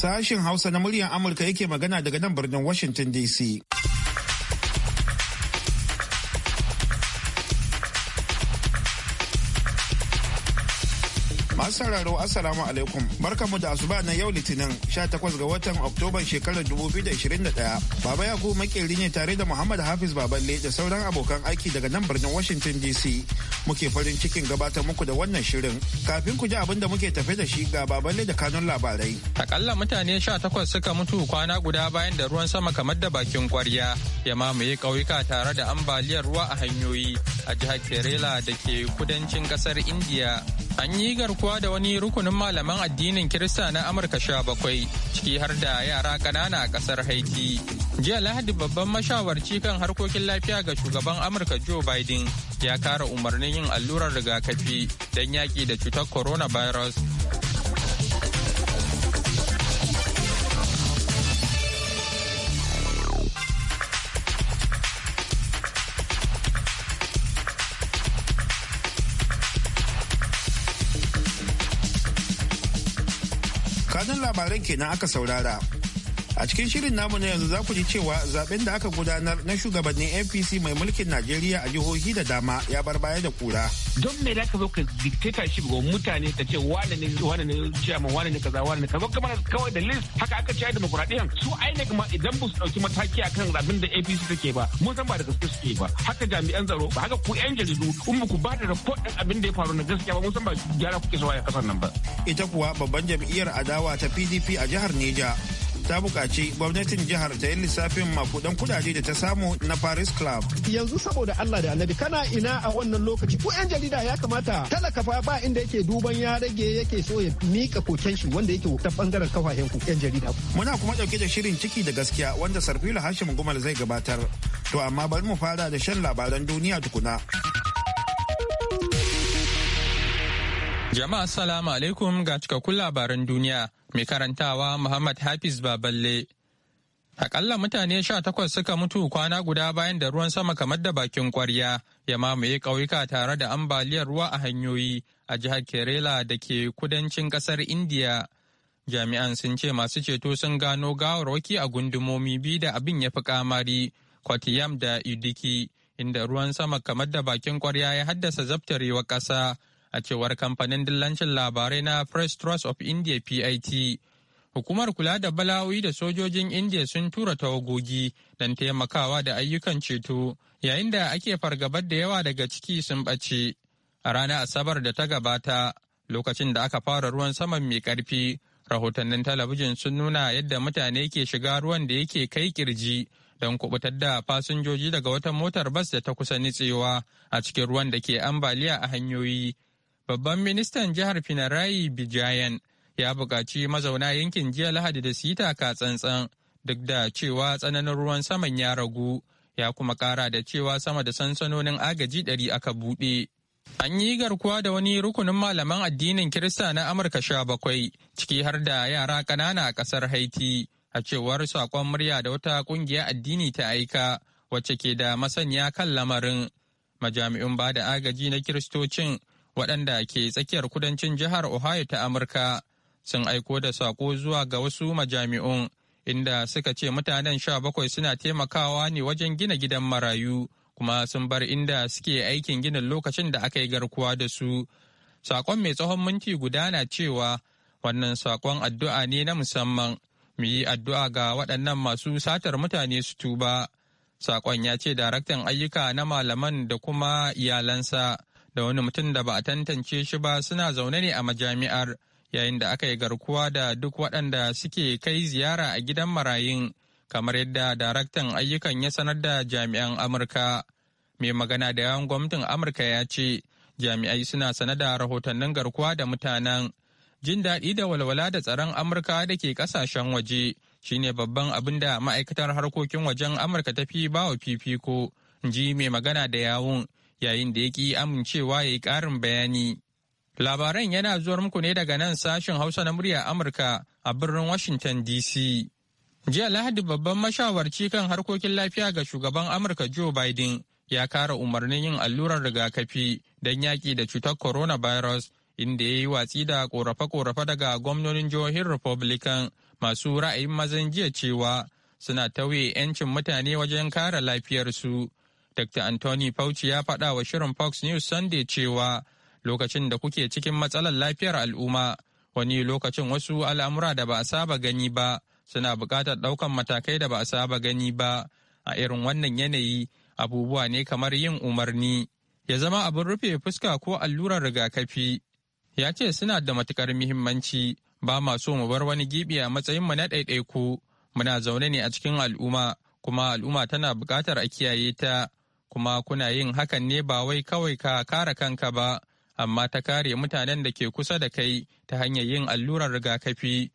Sashin Hausa na muryar Amurka yake magana daga nan birnin Washington DC. Masu sauraro Assalamu alaikum. mu da asuba na yau Litinin 18 ga watan oktobar shekarar 2021. Baba Yaku makeri ne tare da Muhammad Hafiz Baballe da sauran abokan aiki daga nan birnin Washington DC. Muke farin cikin gabatar muku da wannan shirin. Kafin ku ji abin da muke tafe da shi ga Baballe da kanun labarai. Akalla mutane 18 suka mutu kwana guda bayan da ruwan sama kamar da bakin kwarya ya mamaye ƙauyuka tare da ambaliyar ruwa a hanyoyi a jihar Kerala da ke kudancin ƙasar India. An yi garkuwa da wani rukunin malaman addinin Kirista na Amurka sha bakwai ciki har da yara ƙanana a ƙasar Haiti. Jiya Lahadi babban mashawarci kan harkokin lafiya ga shugaban Amurka Joe Biden ya kara umarnin yin allurar rigakafi don yaƙi da cutar coronavirus labaran kenan aka saurara. a cikin shirin namu na yanzu za ku ji cewa zaben da aka gudanar na shugabannin apc mai mulkin najeriya a jihohi da dama ya bar baya da kura don me da ka zo ka shi ga mutane ta ce wane ne wane ne ciyama wane ne kaza wane ne kawai da list haka aka ci demokradiyyar su aine ma idan ba su dauki mataki akan zaben da APC take ba mun san ba da gaske suke ba haka jami'an tsaro ba haka ku yan jaridu kun ku ba da report din abin da ya faru na gaskiya ba mun san ba gyara kuke so a kasar nan ba ita kuwa babban jam'iyyar adawa ta PDP a jihar Neja ta buƙaci gwamnatin jihar ta yi lissafin makudan kudade da ta samu na Paris Club. Yanzu saboda Allah da Annabi kana ina a wannan lokaci ko 'yan jarida ya kamata talaka fa ba inda yake duban ya rage yake so ya mika koken shi wanda yake ta bangaren kafafen ku 'yan jarida. Muna kuma ɗauke da shirin ciki da gaskiya wanda Sarfila Hashim Gumal zai gabatar. To amma bari mu fara da shan labaran duniya tukuna. Jama'a salamu alaikum ga cikakkun labaran duniya mai karantawa Muhammad Hafiz Baballe. Akalla mutane sha takwas suka mutu kwana guda bayan da ruwan sama kamar da bakin kwarya ya mamaye ƙauyuka tare da ambaliyar ruwa a hanyoyi a jihar Kerala da ke kudancin ƙasar Indiya. Jami'an sun ce masu ceto sun gano gawarwaki a gundumomi biyu da abin ya fi kamari, Kwatiyam da Idiki, inda ruwan sama kamar da bakin kwarya ya haddasa zabtarewar ƙasa. a cewar kamfanin dillancin labarai na Press Trust of India PIT. Hukumar kula da bala'o'i da sojojin India sun tura tawagogi don taimakawa da ayyukan ceto yayin da ake fargabar da yawa daga ciki sun ɓace. A ranar Asabar da ta gabata, lokacin da aka fara ruwan saman mai ƙarfi, rahotannin talabijin sun nuna yadda mutane ke shiga ruwan da yake kai kirji don kubutar da fasinjoji daga wata motar bas da ta kusa nitsewa a cikin ruwan da ke ambaliya a hanyoyi Babban ministan jihar Finarayi Bijayan ya buƙaci mazauna yankin jiya Lahadi da su yi taka tsantsan duk da cewa tsananin ruwan saman ya ragu ya kuma ƙara da cewa sama da sansanonin agaji ɗari aka buɗe. An yi garkuwa da wani rukunin malaman addinin Kirista na Amurka sha bakwai, ciki har da yara ƙanana a ƙasar Haiti, a cewar saƙon murya da wata ƙungiya addini ta aika, wacce ke da masaniya kan lamarin. Majami'un ba da agaji na Kiristocin waɗanda ke tsakiyar kudancin jihar Ohio ta Amurka sun aiko da saƙo zuwa ga wasu majami'un inda suka ce mutanen sha bakwai suna taimakawa ne wajen gina gidan marayu kuma sun bar inda suke aikin ginin lokacin da aka yi garkuwa da su. Saƙon mai tsawon minti guda na cewa wannan saƙon addu'a ne na musamman mu yi addu'a ga waɗannan masu satar mutane su tuba. Saƙon ya ce daraktan ayyuka na malaman da kuma iyalansa. da wani mutum da ba a tantance shi ba suna zaune ne a majami'ar yayin da aka yi garkuwa da duk waɗanda suke kai ziyara a gidan marayun kamar yadda daraktan ayyukan ya sanar da jami'an amurka mai magana da yawan gwamnatin amurka ya ce jami'ai suna sanar da rahotannin garkuwa da mutanen jin daɗi da walwala da tsaron amurka da ke ƙasashen waje shine babban abin da ma'aikatar harkokin wajen amurka ta fi bawa fifiko ji mai magana da yawun yayin da ya ki amincewa ya yi ƙarin bayani. Labaran yana zuwar muku ne daga nan sashen Hausa na murya Amurka a birnin Washington DC. Jiya Lahadi babban mashawarci kan harkokin lafiya ga shugaban Amurka Joe Biden ya kara umarnin yin allurar rigakafi don yaƙi da cutar coronavirus inda ya yi watsi da ƙorafe-ƙorafe daga gwamnonin jihohin Republican masu ra'ayin mazan jiya cewa suna tauye 'yancin mutane wajen kare lafiyarsu Dr. Anthony Fauci ya faɗa wa shirin Fox News Sunday cewa lokacin da kuke cikin matsalar lafiyar al'umma wani lokacin wasu al'amura da ba a saba gani ba suna buƙatar ɗaukan matakai da ba a saba gani ba a irin wannan yanayi abubuwa ne kamar yin umarni ya zama abin rufe fuska ko allurar rigakafi ya ce suna da matukar muhimmanci ba ma so mu bar wani gibi a matsayin mu na ɗaiɗaiku muna zaune ne a cikin al'umma kuma al'umma tana buƙatar a kiyaye ta kuma kuna yin hakan ne ba wai kawai ka kare kanka ba, amma ta kare mutanen da ke kusa da kai ta hanyar yin allurar rigakafi.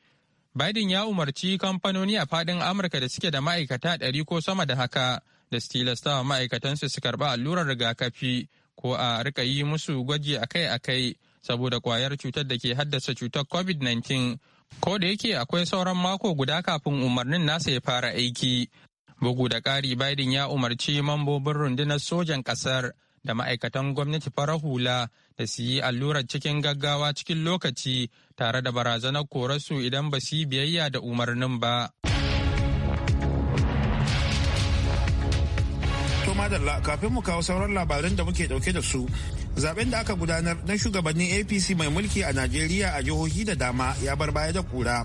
Biden ya umarci kamfanoni a faɗin Amurka da suke da ma'aikata ɗari ko sama da haka da su tilastawa ma'aikatansu su karɓi allurar rigakafi ko a rika yi musu gwaji akai-akai saboda kwayar cutar da ke haddasa cutar COVID-19. Ko da yake akwai sauran mako guda kafin umarnin nasa ya fara aiki, Bugu da ƙari Biden ya umarci mambobin rundunar sojan ƙasar da ma'aikatan gwamnati fara hula da su yi allurar cikin gaggawa cikin lokaci tare da barazanar korarsu idan ba su yi biyayya da umarnin ba. madalla kafin mu kawo sauran labaran da muke dauke da su zaben da aka gudanar na shugabannin apc mai mulki a najeriya a jihohi da dama ya bar baya da kura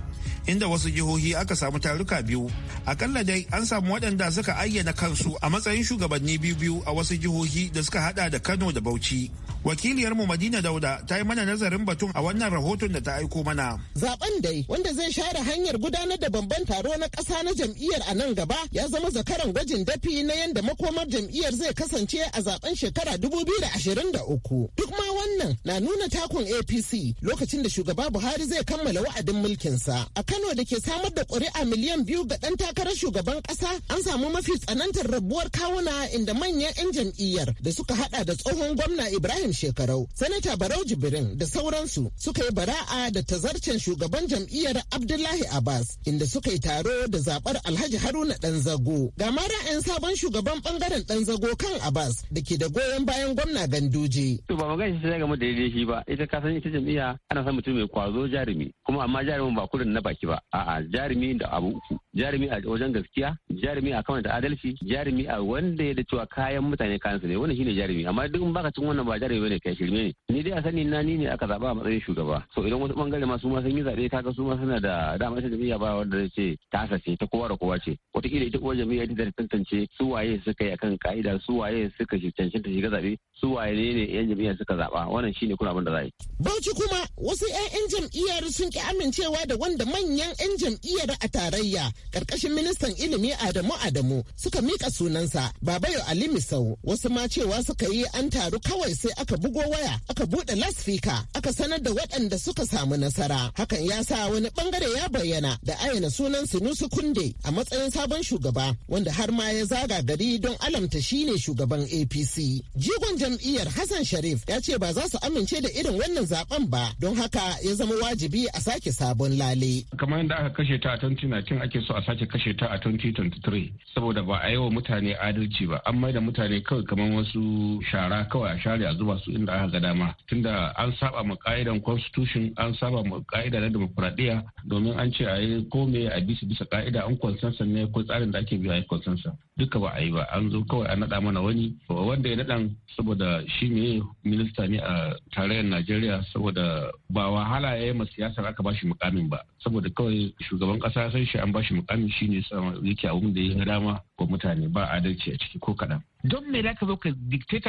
inda wasu jihohi aka samu taruka biyu akalla dai an samu waɗanda suka ayyana kansu a matsayin shugabanni biyu biyu a wasu jihohi da suka hada da kano da bauchi wakiliyarmu madina dauda ta yi mana nazarin batun a wannan rahoton da ta aiko mana zaben dai wanda zai share hanyar gudanar da bamban taro na ƙasa na jam'iyyar a nan gaba ya zama zakaran gwajin dafi na yadda makomar jam'iyyar jam'iyyar zai kasance a zaben shekara 2023. Duk ma wannan na nuna takun APC lokacin da shugaba Buhari zai kammala wa'adin mulkinsa. A Kano da ke samar da ƙuri'a miliyan biyu ga ɗan takarar shugaban ƙasa an samu mafi tsanantar rabuwar kawuna inda manyan 'yan jam'iyyar da suka hada da tsohon gwamna Ibrahim Shekarau, Sanata Barau Jibrin da sauransu suka yi bara'a da tazarcen shugaban jam'iyyar Abdullahi Abbas inda suka yi taro da zaɓar Alhaji Haruna Ɗanzago. Ga mara'ayin sabon shugaban ɓangaren ɗan dan zago kan Abbas da ke da goyon bayan gwamna Ganduje. To ba magana shi ga mu da daidai shi ba ita ka san ita jam'iyya ana son mutum mai kwazo jarumi kuma amma jarumin ba kudin na baki ba a'a jarumi da abu uku jarumi a wajen gaskiya jarumi a kamar da adalci jarumi a wanda ya da cewa kayan mutane kansu ne wannan shine jarumi amma duk in baka cin wannan ba jarumi bane kai shirme ne ni dai a sani na ni ne aka zaba a matsayin shugaba so idan wasu bangare ma su ma sun yi zabe kaga su ma suna da dama ita jam'iyya ba wanda zai ce ta ta kowa da kowa ce wataƙila ita uwar jam'iyya ita da tantance su waye suka yi akan ka'ida su waye suka cancanta shiga zaɓe su waye ne yan jam'iyyar suka zaɓa wannan shine kuna abin da za yi. Bauchi kuma wasu yan yan jam'iyyar sun ki amincewa da wanda manyan 'yan jam'iyyar a tarayya karkashin ministan ilimi Adamu Adamu suka mika sunansa Babayo Ali Misau wasu ma cewa suka yi an taru kawai sai aka bugo waya aka buɗe lasfika aka sanar da waɗanda suka samu nasara hakan ya sa wani bangare ya bayyana da ayyana sunan Sinusu Kunde a matsayin sabon shugaba wanda har ma ya zaga gari don alamta shine shugaban APC. Jigon jam'iyyar Hassan Sharif ya ce ba za su amince da irin wannan zaben ba don haka ya zama wajibi a sake sabon lale. Kamar yadda aka kashe ta a 2019 ake so a sake kashe ta a 2023 saboda ba a yi wa mutane adalci ba an mai da mutane kawai kamar wasu shara kawai a share a zuba su inda aka ga dama tunda an saba ma ka'idan constitution an saba ma ka'ida na demokuraɗiyya domin an ce a yi kome a bisa bisa ka'ida an consensus ne ko tsarin da ake biya a yi consensus. duka ba a yi ba an zo kawai a naɗa mana wani wanda ya naɗan saboda shi ne minista ne a tarayyar najeriya saboda ba wahala ya yi ma siyasar aka bashi mukamin ba saboda kawai shugaban kasa san shi an shi mukamin shi ne yake abun da ya yi dama wa mutane ba adalci a ciki ko kaɗan don me za ka zo ka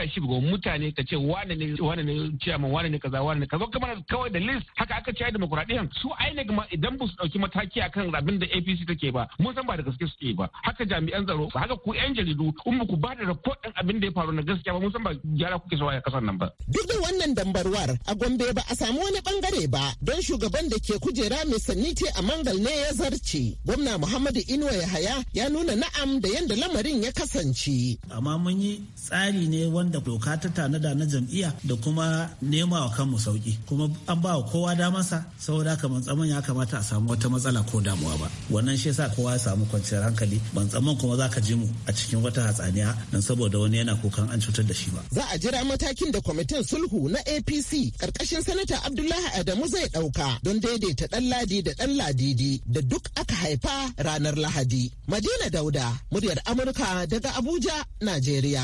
shi ga mutane ka ce wane ne wane ne chairman wane ne kaza wane ne kaza kamar kawai da list haka aka ci demokradiyyar su aine ma idan ba su dauki mataki akan abin da APC take ba mun san ba da gaske suke ba haka jami'an tsaro haka ku yan jaridu kun ku ba da report din abin da ya faru na gaskiya ba mun san ba gyara kuke sawa a kasar nan ba duk da wannan dambarwar a Gombe ba a samu wani bangare ba don shugaban da ke kujera mai ce a mangal ne ya zarce gwamna Muhammadu Inuwa Yahaya ya nuna na'am da yanda lamarin ya kasance amma mun yi tsari ne wanda doka ta tanada na jam'iyya da kuma nema wa kanmu sauki kuma an ba wa kowa damasa saboda haka ban tsaman ya kamata a samu wata matsala ko damuwa ba wannan shi yasa kowa ya samu kwanciyar hankali ban tsaman kuma za ka ji mu a cikin wata hatsaniya dan saboda wani yana kukan an cutar da shi ba za a jira matakin da kwamitin sulhu na APC karkashin sanata Abdullahi Adamu zai dauka don daidaita dan ladi da dan ladidi da duk aka haifa ranar Lahadi Madina Dauda muryar Amurka daga Abuja Najeriya Najeriya.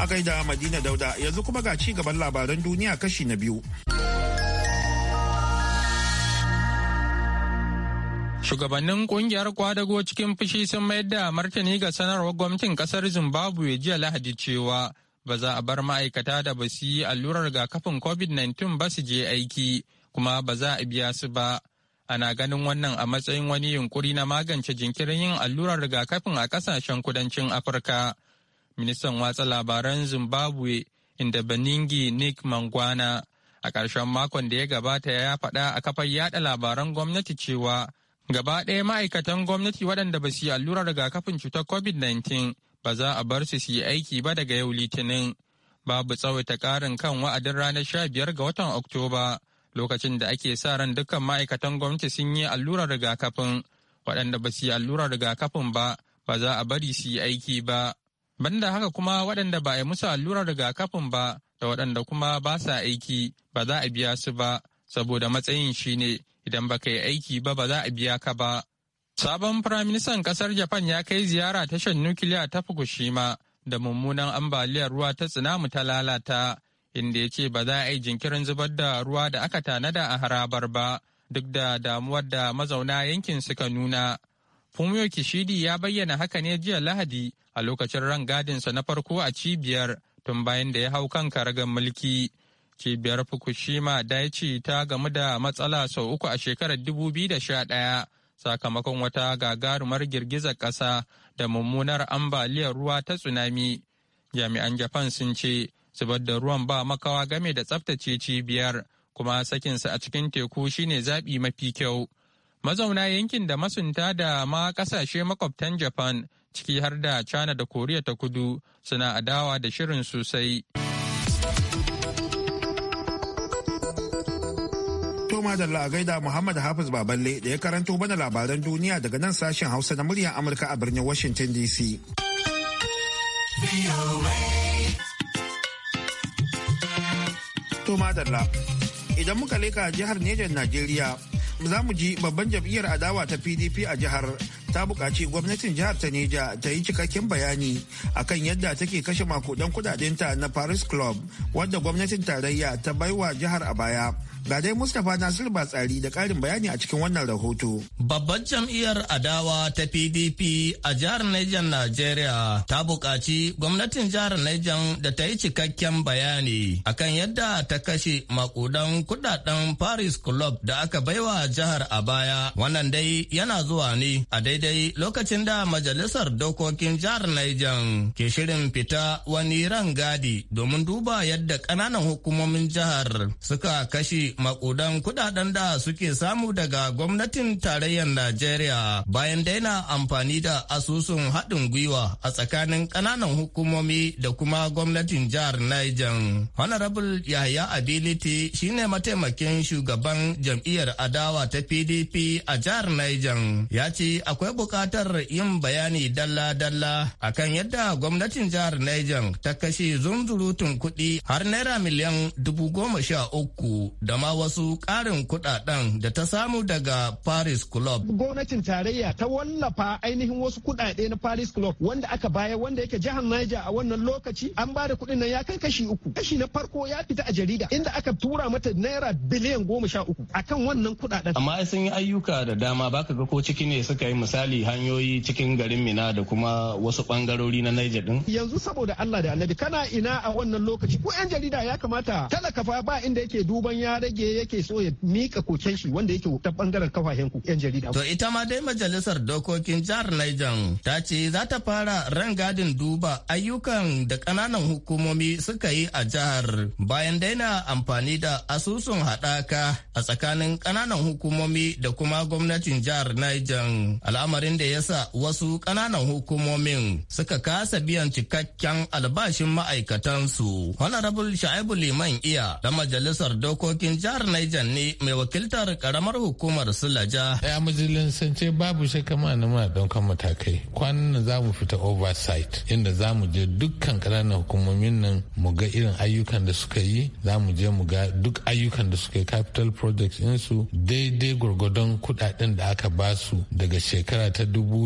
A gaida Madina Dauda yanzu kuma ga ci gaban labaran duniya kashi na biyu. Shugabannin kungiyar kwadago cikin fushi sun mayar da martani ga sanarwar gwamnatin kasar Zimbabwe jiya Lahadi cewa ba za a bar ma'aikata da ba su yi allurar ga kafin COVID-19 ba su je aiki kuma ba za a biya su ba ana ganin wannan a matsayin wani yunkuri na magance jinkirin yin allurar rigakafin a kasashen kudancin afirka ministan watsa labaran zimbabwe inda beningi nick mangwana a ƙarshen makon da ya gabata ya faɗa a kafar yada labaran gwamnati cewa gaba ɗaya ma'aikatan gwamnati waɗanda ba su yi allurar rigakafin cutar covid-19 ba za a bar su su yi aiki ba daga yau litinin babu tsawaita ƙarin kan wa'adin ranar 15 ga watan oktoba lokacin da ake sa ran dukkan ma'aikatan gwamnati sun yi allurar rigakafin waɗanda ba su yi allurar rigakafin ba ba za a bari su yi aiki ba banda haka kuma waɗanda ba a musu allurar rigakafin ba da waɗanda kuma ba sa aiki ba za a biya su ba saboda matsayin shine idan ba yi aiki ba ba za a biya ka ba sabon firaministan ƙasar japan ya kai ziyara tashar nukiliya ta fukushima da mummunan ambaliyar ruwa ta tsunami ta lalata inda ya ce ba za a yi jinkirin zubar da ruwa da aka tanada a harabar ba duk da damuwar da mazauna yankin suka nuna. Fumio Kishidi ya bayyana haka ne jiya Lahadi a lokacin rangadinsa na farko a cibiyar tun bayan da ya hau kan karagar mulki. Cibiyar Fukushima Daiichi ta gamu da matsala sau uku a shekarar 2011 sakamakon wata gagarumar girgizar ƙasa da mummunar ambaliyar ruwa ta tsunami. Jami'an Japan sun ce zubar da ruwan ba makawa game da tsaftace cibiyar kuma sakinsa a cikin teku shine zaɓi mafi kyau mazauna yankin da masunta da ma ƙasashe makwabtan japan ciki har da china da koriya ta kudu suna adawa da shirin sosai Toma da gaida Muhammad Hafiz Baballe da ya karanto mana labaran duniya daga nan sashen Hausa na muryar Amurka a birnin Washington DC. To madalla. Idan muka leka jihar Niger Najeriya, za mu ji babban jam'iyyar adawa ta PDP a jihar ta buƙaci gwamnatin jihar ta Neja ta yi cikakken bayani akan yadda take kashe makudan kudadenta na Paris Club wadda gwamnatin tarayya ta baiwa jihar a baya. Ga dai Mustapha Nasir Batsari da ƙarin bayani a cikin wannan rahoto. Babban jam'iyyar adawa ta PDP a jihar Niger Najeriya ta buƙaci gwamnatin jihar Niger da ta yi cikakken bayani akan yadda ta kashe makudan kudaden Paris Club da aka baiwa jihar a baya. Wannan dai yana zuwa ne a daidai lokacin da majalisar dokokin jihar Niger ke shirin fita wani ran gadi domin duba yadda ƙananan hukumomin jihar suka kashe makudan kudaden da suke samu daga gwamnatin tarayyar Najeriya bayan daina amfani da asusun haɗin gwiwa a tsakanin ƙananan hukumomi da kuma gwamnatin jihar Niger. Honorable Yahya Ability shine mataimakin shugaban jam'iyyar adawa ta PDP a jihar Niger. Ya ce akwai buƙatar yin bayani dalla-dalla akan yadda gwamnatin jihar Niger ta kashe zunzurutun kuɗi har naira miliyan dubu goma sha uku da ma wasu karin kudaden da ta samu daga Paris Club. Gwamnatin tarayya ta wallafa ainihin wasu kudade na Paris Club wanda aka baya wanda yake jihar Niger a wannan lokaci an ba da kuɗin nan ya kai kashi uku. Kashi na farko ya fita a jarida inda aka tura mata naira biliyan goma sha uku akan wannan kuɗaɗen. Amma sun yi ayyuka da dama baka ga ko ciki ne suka yi misali hanyoyi cikin garin Mina da kuma wasu ɓangarori na Niger din. Yanzu saboda Allah da Annabi kana ina a wannan lokaci ko 'yan jarida ya kamata talaka fa ba inda yake duban yare rage yake so ya mika koken shi wanda yake ta bangaren kafafen ku yan jarida. To ita ma dai majalisar dokokin jihar Niger ta ce za ta fara rangadin duba ayyukan da kananan hukumomi suka yi a jihar bayan daina amfani da asusun haɗaka a tsakanin kananan hukumomi da kuma gwamnatin jihar Niger al'amarin da ya sa wasu kananan hukumomin suka kasa biyan cikakken albashin ma'aikatansu. Honorable Sha'ibu Liman Iya da majalisar dokokin jihar Niger ne mai wakiltar karamar hukumar Sulaja. Ya sun ce babu shi kama na muna ɗaukan matakai. Kwanan za mu fita oversight inda za mu je dukkan ƙananan hukumomin nan mu ga irin ayyukan da suka yi za mu je mu ga duk ayyukan da suka yi capital projects insu daidai gwargwadon kuɗaɗen da aka ba su daga shekara ta dubu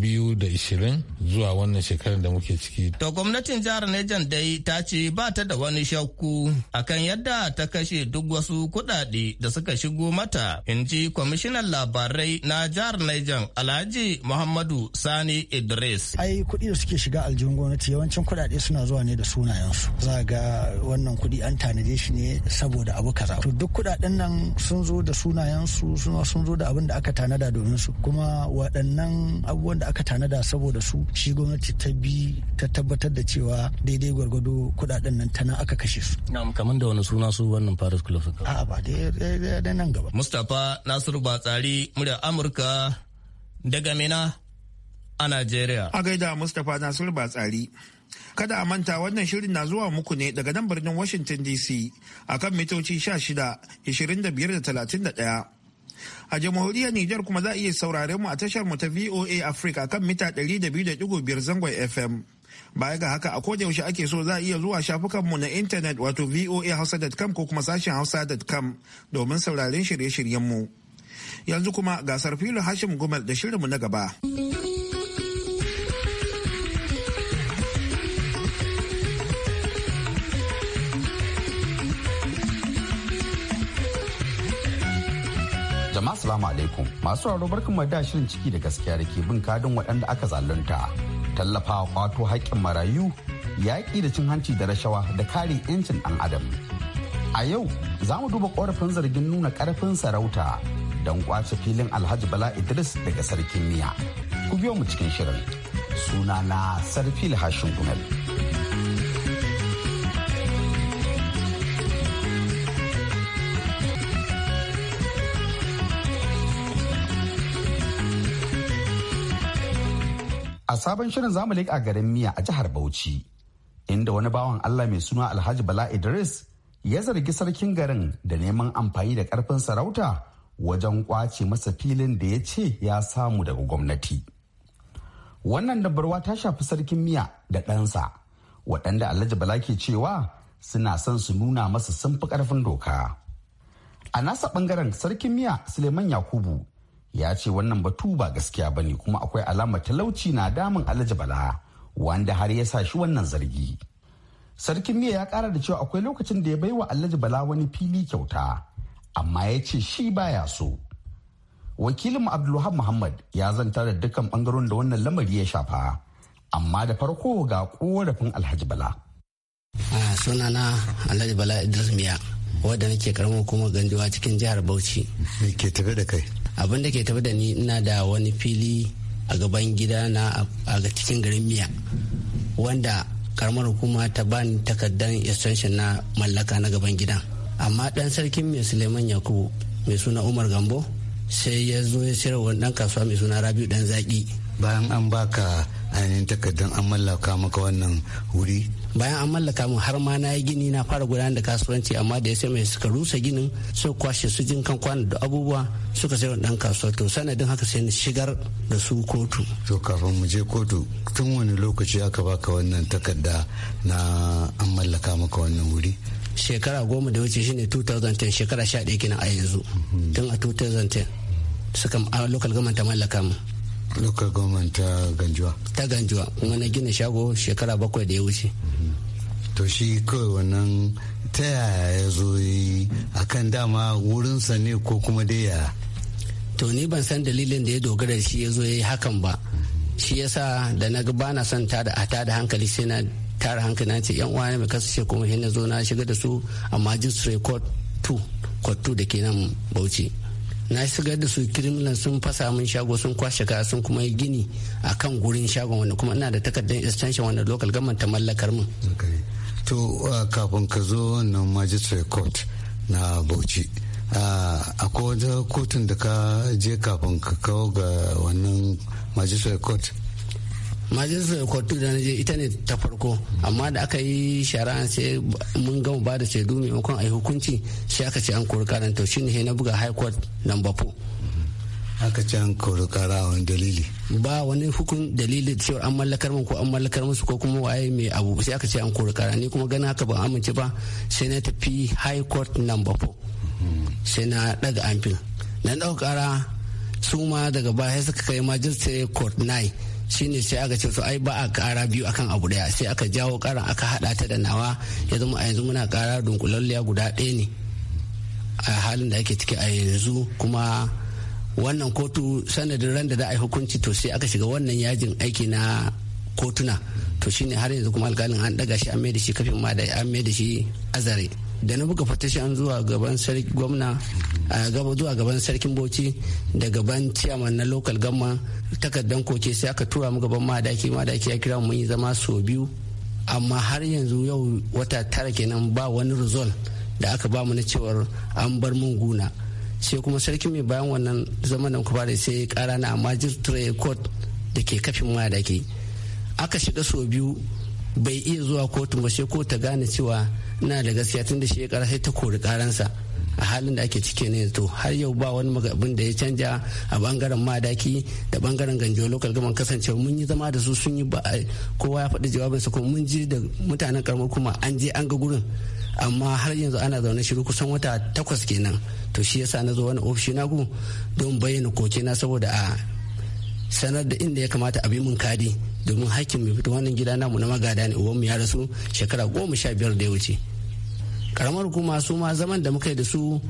biyu da ishirin zuwa wannan shekarar da muke ciki. To gwamnatin jihar Niger dai ta ce ba ta da wani shakku akan yadda ta kashe duk wasu wasu kuɗaɗe da suka shigo mata in ji kwamishinan labarai na jihar Niger Alhaji Muhammadu Sani Idris. Ai kuɗi da suke shiga aljihun gwamnati yawancin kuɗaɗe suna zuwa ne da sunayensu. Za ga wannan kuɗi an tanaje shi ne saboda abu kaza. To duk kuɗaɗen nan sun zo da sunayensu sun zo da abin da aka tanada domin su kuma waɗannan abubuwan da aka tanada saboda su shi gwamnati ta bi ta tabbatar da cewa daidai gwargwado kuɗaɗen nan tana aka kashe su. Na'am kamar da wani suna su wannan Paris Club A'a ba da nan gaba. Mustapha Nasiru Batsari murya Amurka daga Mina a Najeriya. A gaida Mustapha Nasiru Batsari. Kada a manta wannan shirin na zuwa muku ne daga nan birnin Washington DC a kan mitoci 16, 25 da 31. A jamhuriyar Nijar kuma za a iya saurare mu a tashar mu ta VOA Africa kan mita 200.5 zangon FM. Baya ga haka a yaushe ake so za a iya zuwa shafukan mu na intanet wato voahausa.com ko kuma sashen hausa.com domin sauraren shirye shiryen mu Yanzu kuma gasar filo Hashim Gumal da shirinmu na gaba. jama'a salamu alaikum masu raro barkan da shirin ciki da gaskiya da ke bin kadin waɗanda aka zalunta tallafawa kwato haƙƙin marayu yaƙi da cin hanci da rashawa da kare 'yancin ɗan adam a yau za mu duba ƙorafin zargin nuna ƙarfin sarauta don kwace filin alhaji bala idris daga sarkin miya ku biyo mu cikin shirin sunana sarfil hashin gunal. sabon shirin zamu leƙa garin Miya a jihar Bauchi inda wani bawan Allah mai suna Alhaji Bala Idris ya zargi sarkin garin da neman amfani da karfin sarauta wajen kwace masa filin da ya ce ya samu daga gwamnati. Wannan dabarwa ta shafi sarkin miya da ɗansa, waɗanda Alhaji Bala ke cewa suna son su nuna masa sun fi ƙarfin doka. A nasa ɓangaren sarkin miya Suleiman Yakubu ya ce wannan batu ba gaskiya ba ne kuma akwai alamar talauci na damun alhaji bala wanda har ya sa shi wannan zargi sarkin miya ya kara da cewa akwai lokacin da ya bai wa alhaji bala wani fili kyauta amma ya ce shi baya so wakilin abdulwahab muhammad ya zanta da dukkan bangaron da wannan lamari ya shafa amma da farko ga korafin alhaji bala sunana alhaji bala idris miya wadda nake karamar kuma ganjuwa cikin jihar bauchi ke tafi da kai abin da ke tafi da ni ina da wani fili a gaban gida na a cikin garin miya wanda karamar hukuma ta bani takardar extension na mallaka na gaban gida. amma dan sarkin mai suleiman yakubu mai suna umar gambo sai ya zo ya sayar wani dan kasuwa mai suna rabiu dan zaki bayan an baka ainihin takardar an mallaka maka wannan wuri bayan an mallaka mun har ma na yi gini na fara gudanar da kasuwanci amma da ya sai mai suka rusa ginin su kwashe su jin kan kwana da abubuwa suka sai dan kasuwa to sanadin haka sai na shigar da su kotu to kafin mu je kotu tun wani lokaci aka baka wannan takarda na an mallaka maka wannan wuri shekara goma da wuce shine 2010 shekara 11 kenan a yanzu mhm. tun a 2010 suka local government ta mallaka mu local government ta ganjuwa ta ganjuwa kuma na gina shago shekara bakwai da ya wuce mm-hmm. to shi kawai wannan ta yaya ya zo yi kan dama wurinsa ne ko kuma dai ya to ni ban san dalilin da ya dogara shi ya zo ya yi hakan ba mm-hmm. shi ya sa da na ga bana son ta da ta da hankali sai na tara hankali na ce yan uwa mai kasance kuma hin na zo na shiga da su a majis record 2 court 2 da ke nan bauchi na shigar da su kirimlan sun fasa min shago sun kwashe kaya sun kuma yi gini a kan gurin shagon wanda kuma ina da takardar extension wanda local government ta mallakar min. to uh, kafin ka zo wannan magistrate court na bauchi uh, a wata kotun da ka je kafin ka kawo ga wannan magistrate court majalisar kwartu da na je ita ne ta farko amma da aka yi shari'a sai mun gama ba da shaidu maimakon a yi hukunci sai aka ce an kori karan to ne na buga high court number four aka ce an kori kara wani dalili ba wani hukun dalili cewa an mallakar man ko an mallakar musu ko kuma waye mai abu sai aka ce an kori kara ni kuma gani haka ban amince ba sai na tafi high court number four. sai na daga amfil na dauka kara su ma daga baya suka kai majalisar court nine. shine sai aka ce su ai ba a kara biyu akan abu daya sai aka jawo karan aka hada ta da nawa ya zama a yanzu muna kara dunkulalliya guda ɗaya ne a halin da ake ciki a yanzu kuma wannan kotu sanadin ran da za a yi hukunci to sai aka shiga wannan yajin aiki na kotuna to shine har yanzu kuma alkalin an daga shi an da shi kafin ma da an da shi azare da na buga an zuwa gaban sarki gwamna a gaba zuwa gaban sarkin bauchi da gaban ciyaman na local gamma takardan koke sai aka tura mu gaban madaki madaki ya kira mun yi zama sau biyu amma har yanzu yau wata tara kenan ba wani result da aka ba mu na cewar an bar mun guna sai kuma sarki mai bayan wannan zaman da kuma da sai kara na majistrate court da ke kafin madaki aka shiga sau biyu bai iya zuwa kotun ba sai ko ta gane cewa na da gaskiya tunda da shi ya kara sai ta kori karansa a halin da ake cike ne to har yau ba wani magabin da ya canja a bangaren madaki da bangaren ganjo local gaman kasancewa mun yi zama da su sun yi kowa ya faɗi jawabin jawabinsa ko mun ji da mutanen karamar kuma an je an ga gurin amma har yanzu ana zaune shiru kusan wata takwas kenan to shi yasa na zo wani ofishi na don bayyana koke na saboda a sanar da inda ya kamata a bi mun kadi domin hakkin mai fito wannan gida namu na magada ne uwanmu ya rasu shekara goma sha biyar da ya wuce karamar hukuma su ma zaman da muka yi da su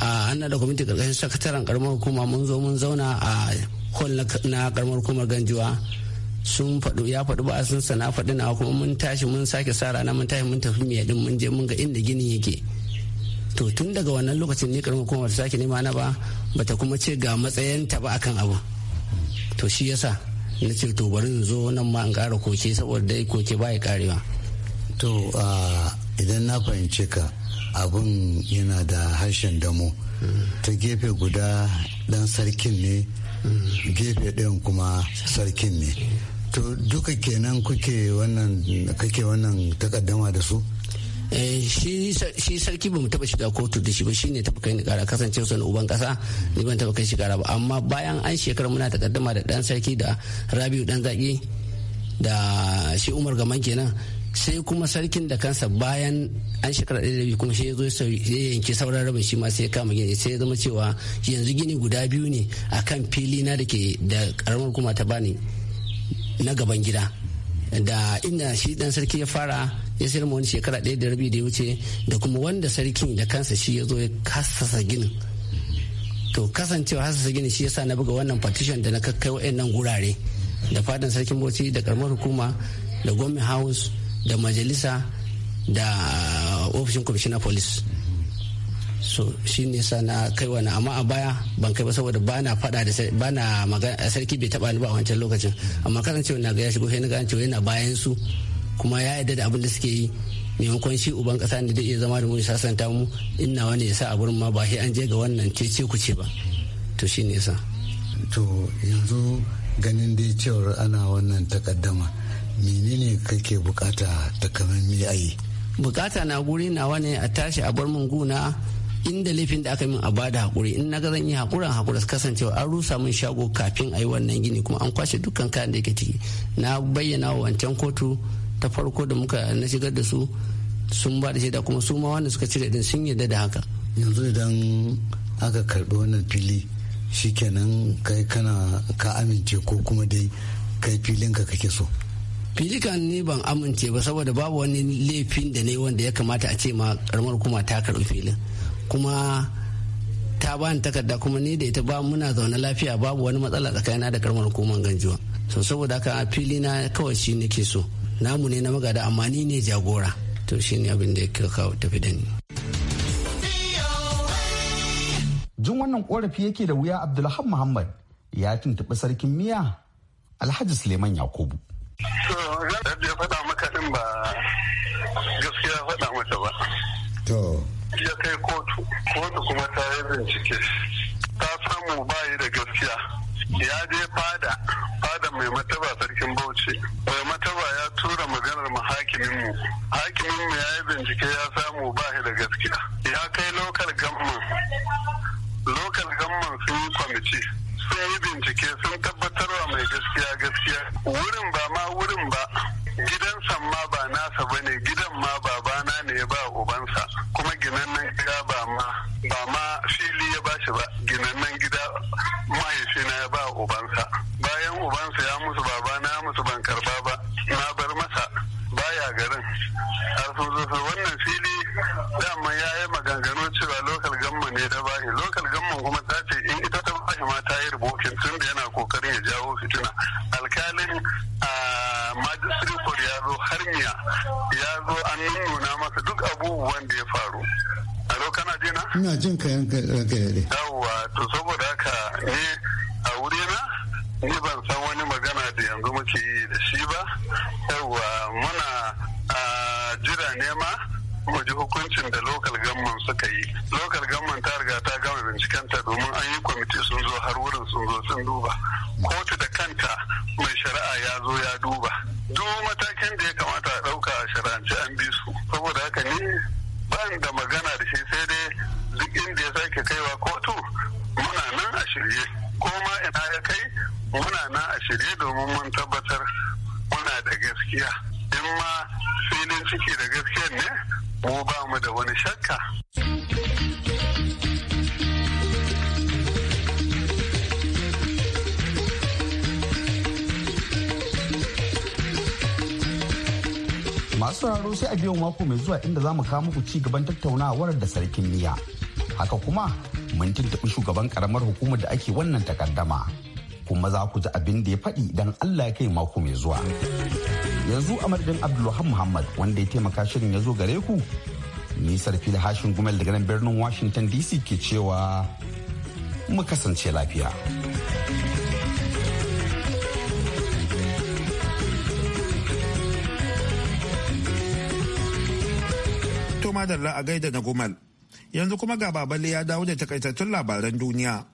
a an da kwamitin karkashin sakataren karamar hukuma mun zo mun zauna a hall na karamar hukumar ganjuwa sun faɗu ya faɗu ba sun sana faɗi na kuma mun tashi mun sake sa rana mun tashi mun tafi miya din mun je mun ga inda gini yake to tun daga wannan lokacin ne karamar hukumar ta sake nema na ba bata kuma ce ga matsayinta ba akan abu to shi yasa na ce to bari in zo nan ma in kara koke saboda dai koke ba ya karewa to idan na fahimce ka abun yana da harshen damo ta gefe guda dan sarkin ne gefe ɗayan kuma sarkin ne to duka kenan kuke kake wannan takaddama da su Eh, shi sarki ba mu taba shiga kotu da shi ba shine taba kai ni kara kasance sun uban kasa ni ban taba kai shi ba amma bayan an shekara muna takaddama da dan sarki da Rabiu dan zaki da shi Umar Gaman kenan sai kuma sarkin da kansa bayan an shekara ɗaya da biyu kuma sai ya zo ya yanki sauran rabin shi ma sai ya kama gini sai ya zama cewa yanzu gini guda biyu ne a kan fili na da ke da karamar kuma ta bani na gaban gida da inda shi dan sarki ya fara ya sayar mu wani shekara ɗaya da rabi da ya wuce da kuma wanda sarkin da kansa shi ya zo ya kasasa ginin to kasancewa hasasa ginin shi yasa na buga wannan partition da na kakkai wa'annan gurare da fadan sarkin bauchi da karamar hukuma da gwamnati house da majalisa da ofishin commissioner police so shi ne sa na kai wani amma a baya ban kai ba saboda ba na fada da ba na magana sarki bai taba ni ba a wancan lokacin amma kasancewa na ga ya shigo sai na ga cewa yana bayan su kuma ya yarda da abin da suke yi maimakon shi uban kasa ne da iya zama da mu sasanta mu ina wani ya sa a gurin ma ba shi an je ga wannan ce ku ce ba to shi ne sa. to yanzu ganin dai cewar ana wannan takaddama menene kake bukata takamaimai a yi bukata na guri na wani a tashi a bar mun guna inda laifin da aka min a bada hakuri in naga zan yi hakuran hakura kasancewa an rusa min shago kafin a yi wannan gini kuma an kwashe dukkan kayan da yake ciki na bayyana wa wancan kotu ta farko da muka na shigar da su sun ba da shaida kuma su ma wanda suka cire din sun yarda da haka yanzu idan aka karbi wannan fili shikenan kai kana ka amince ko kuma dai kai filinka kake so kan ne ban amince ba saboda babu wani laifin da ne wanda ya kamata a ce ma karamar kuma ta karbi filin kuma ta ba ni takarda kuma ni da ita ba muna zaune lafiya babu wani matsala tsakanina da karamar hukumar ganjuwa so saboda haka fili na kawai shi nake so namu ne na magada amma ni ne jagora to shine abin da ya kawo tafi da ni jin wannan korafi yake da wuya abdulhab muhammad ya tuntuɓi sarkin miya alhaji suleiman yakubu ya faɗa ba gaskiya faɗa mata ba ya kai kotu kotu kuma ta yi bincike ta samu bayi da gaskiya ya je fada fada mai mataba sarkin bauchi mai tura maganar mu hakiminmu hakiminmu ya yi bincike ya samu ba shi da gaskiya ya kai lokal gamman lokal gamman sun yi kwamiti sun yi bincike sun tabbatar wa mai gaskiya gaskiya wurin ba ma wurin ba gidan samma ba nasa ba ne gidan ma babana ne ba ubansa kuma ginan nan gida ba ma ba ma fili ya bashi ba ginan nan gida mahaifina ya ba ubansa bayan ubansa ya musu babana ya musu ban karba ya zo an nuna masa duk abubuwan da ya faru. Alo kana jina? Ina jin kayan ranka ya Koma ina ya kai muna na a shirye domin mun tabbatar muna da gaskiya in ma filin ciki da gaskiya ne mu ba mu da wani shakka masu sauraro sai a biyan mako mai zuwa inda za mu kawo muku ci gaban tattaunawar da sarkin miya haka kuma mun tuntuɓi shugaban karamar hukumar da ake wannan takaddama kuma za ku ji abin da ya faɗi don Allah ya kai mako mai zuwa. Yanzu a madadin Abdullahi Muhammad wanda ya taimaka shirin ya zo gare ku. Nisar fili hashin gumel daga nan birnin Washington DC ke cewa mu kasance lafiya. To madalla a gaida na gumal. yanzu kuma ga babale ya dawo da takaitattun labaran duniya.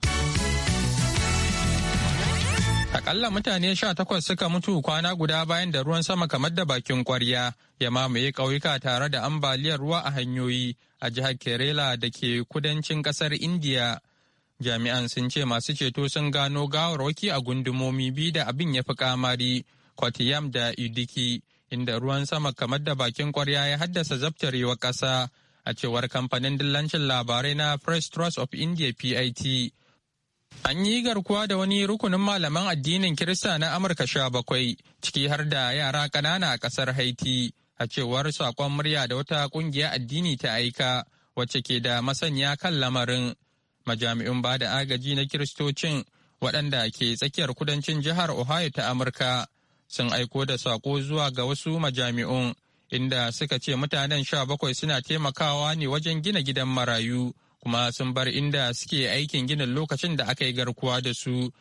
Akalla mutane sha takwas suka mutu kwana guda bayan da ruwan sama kamar da bakin kwarya ya mamaye ƙauyuka tare da ambaliyar ruwa a hanyoyi a jihar Kerala da ke kudancin ƙasar Indiya. Jami'an sun ce masu ceto sun gano gawarwaki a gundumomi biyu da abin ya fi kamari, Kwatiyam da Idiki, inda ruwan sama kamar da bakin kwarya ya haddasa zabtarewar ƙasa a cewar kamfanin dillancin labarai na Press Trust of India PIT. An yi garkuwa da wani rukunin malaman addinin Kirista na Amurka sha bakwai, ciki har da yara ƙanana a ƙasar Haiti, a cewar saƙon murya da wata ƙungiya addini ta aika, wacce ke da masanya kan lamarin. Majami'un ba da agaji na Kiristocin, waɗanda ke tsakiyar kudancin jihar Ohio ta Amurka, sun aiko da saƙo zuwa ga wasu majami'un inda suka ce mutanen sha bakwai suna taimakawa ne wajen gina gidan marayu kuma sun bar inda suke aikin ginin lokacin da aka yi garkuwa da su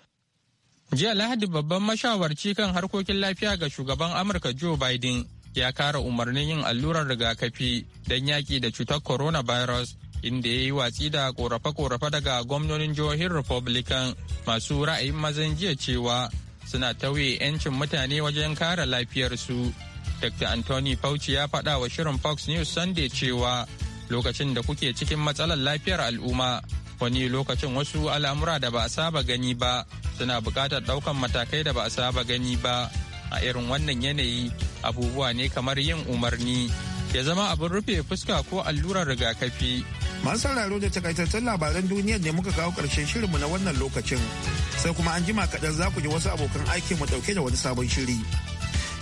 jiya lahadi babban mashawarci kan harkokin lafiya ga shugaban amurka joe biden ya kara umarnin yin allurar rigakafi don yaƙi da cutar coronavirus inda ya yi watsi da korafe-korafe daga gwamnonin jihohin republican masu ra'ayin mazan jiya cewa suna tauye 'yancin mutane wajen kare lafiyarsu Dr. Anthony Fauci ya faɗa wa shirin Fox News Sunday cewa lokacin da kuke cikin matsalar lafiyar al'umma wani lokacin wasu al'amura da ba a saba gani ba suna buƙatar ɗaukan matakai da ba a saba gani ba a irin wannan yanayi abubuwa ne kamar yin umarni ya zama abin rufe fuska ko allurar rigakafi masu sauraro da takaitattun labaran duniyar ne muka kawo ƙarshen shirinmu na wannan lokacin sai kuma an jima kaɗan za ku ji wasu abokan aikinmu ɗauke da wani sabon shiri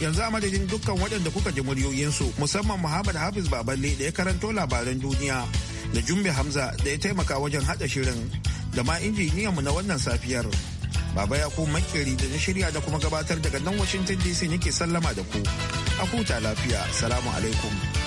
yanzu a madadin dukkan waɗanda kuka ji muryoyinsu musamman muhammad hafiz baballe da ya karanto labaran duniya da jumbe hamza da ya taimaka wajen haɗa shirin da ma injiniyanmu na wannan safiyar baba ya ku makeri da na shirya da kuma gabatar daga nan washington dc nake sallama da ku a huta lafiya salamu alaikum